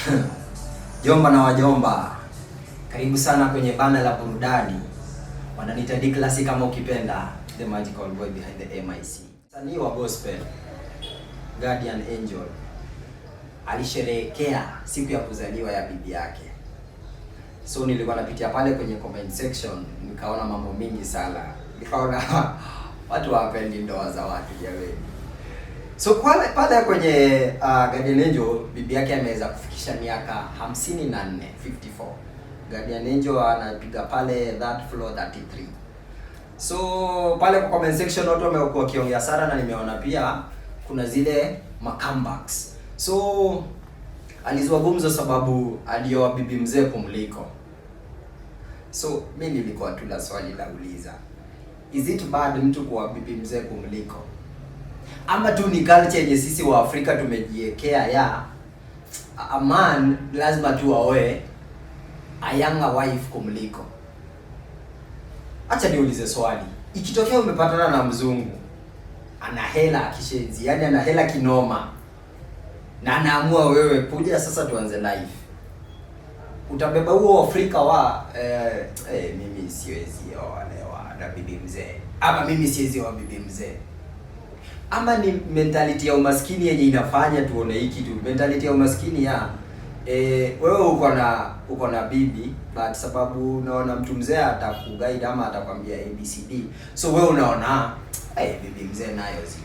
Jomba na wajomba, karibu sana kwenye bana la burudani, wananiita D Classic kama ukipenda the magical boy behind the MIC. Msanii wa gospel Guardian Angel alisherehekea siku ya kuzaliwa ya bibi yake, so nilikuwa napitia pale kwenye comment section nikaona mambo mingi sana, nikaona watu hawapendi ndoa za watu jamani. So kwa pale kwenye uh, Guardian Angel bibi yake ameweza kufikisha miaka 54, 54. Guardian Angel anapiga pale that floor 33. So pale kwa comment section watu wamekuwa wakiongea sana na nimeona pia kuna zile comebacks. So alizua gumzo sababu alioa bibi mzee kumliko. So mimi nilikuwa tu na swali la uliza. Is it bad mtu kuwa bibi mzee kumliko? ama tu ni culture yenye sisi wa Afrika tumejiwekea ya a man lazima tu aoe a younger wife kumliko. Acha niulize swali, ikitokea umepatana na mzungu ana hela kishenzi, yani ana hela kinoma, na anaamua wewe kuja sasa tuanze life, utabeba huo Afrika wa eh, eh, mimi siwezi oa na bibi mzee ama mimi siwezi oa bibi mzee ama ni mentality ya umaskini yenye inafanya tuone hii kitu? Mentality ya umaskini ya e, wewe uko na uko na bibi but sababu unaona mtu mzee atakuguide ama atakwambia ABCD, so wewe unaona hey, bibi mzee nayo zi.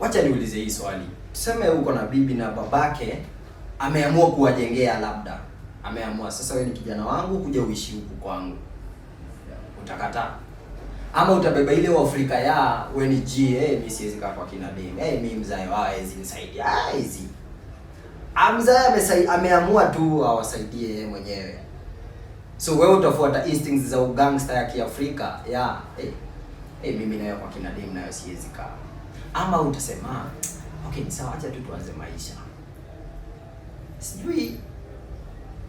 Wacha niulize hii swali, tuseme uko na bibi na babake ameamua kuwajengea, labda ameamua sasa, wewe ni kijana wangu, kuja uishi huku kwangu, utakataa? ama utabeba ile Afrika ya wenijie hey, mimi siwezi kaa kwa kina dem hey, mimi eh, mzae wao hawezi eh, nisaidia hawezi ah, ah, amesai ameamua tu awasaidie yeye mwenyewe, so wewe utafuata instincts za ugangsta ya Kiafrika ya hey, eh, hey, mimi nayo kwa kina dem nayo siwezi kaa, ama utasema okay, ni sawa, acha tu tuanze maisha. Sijui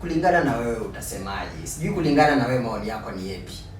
kulingana na wewe utasemaje, sijui kulingana na wewe maoni yako ni yapi.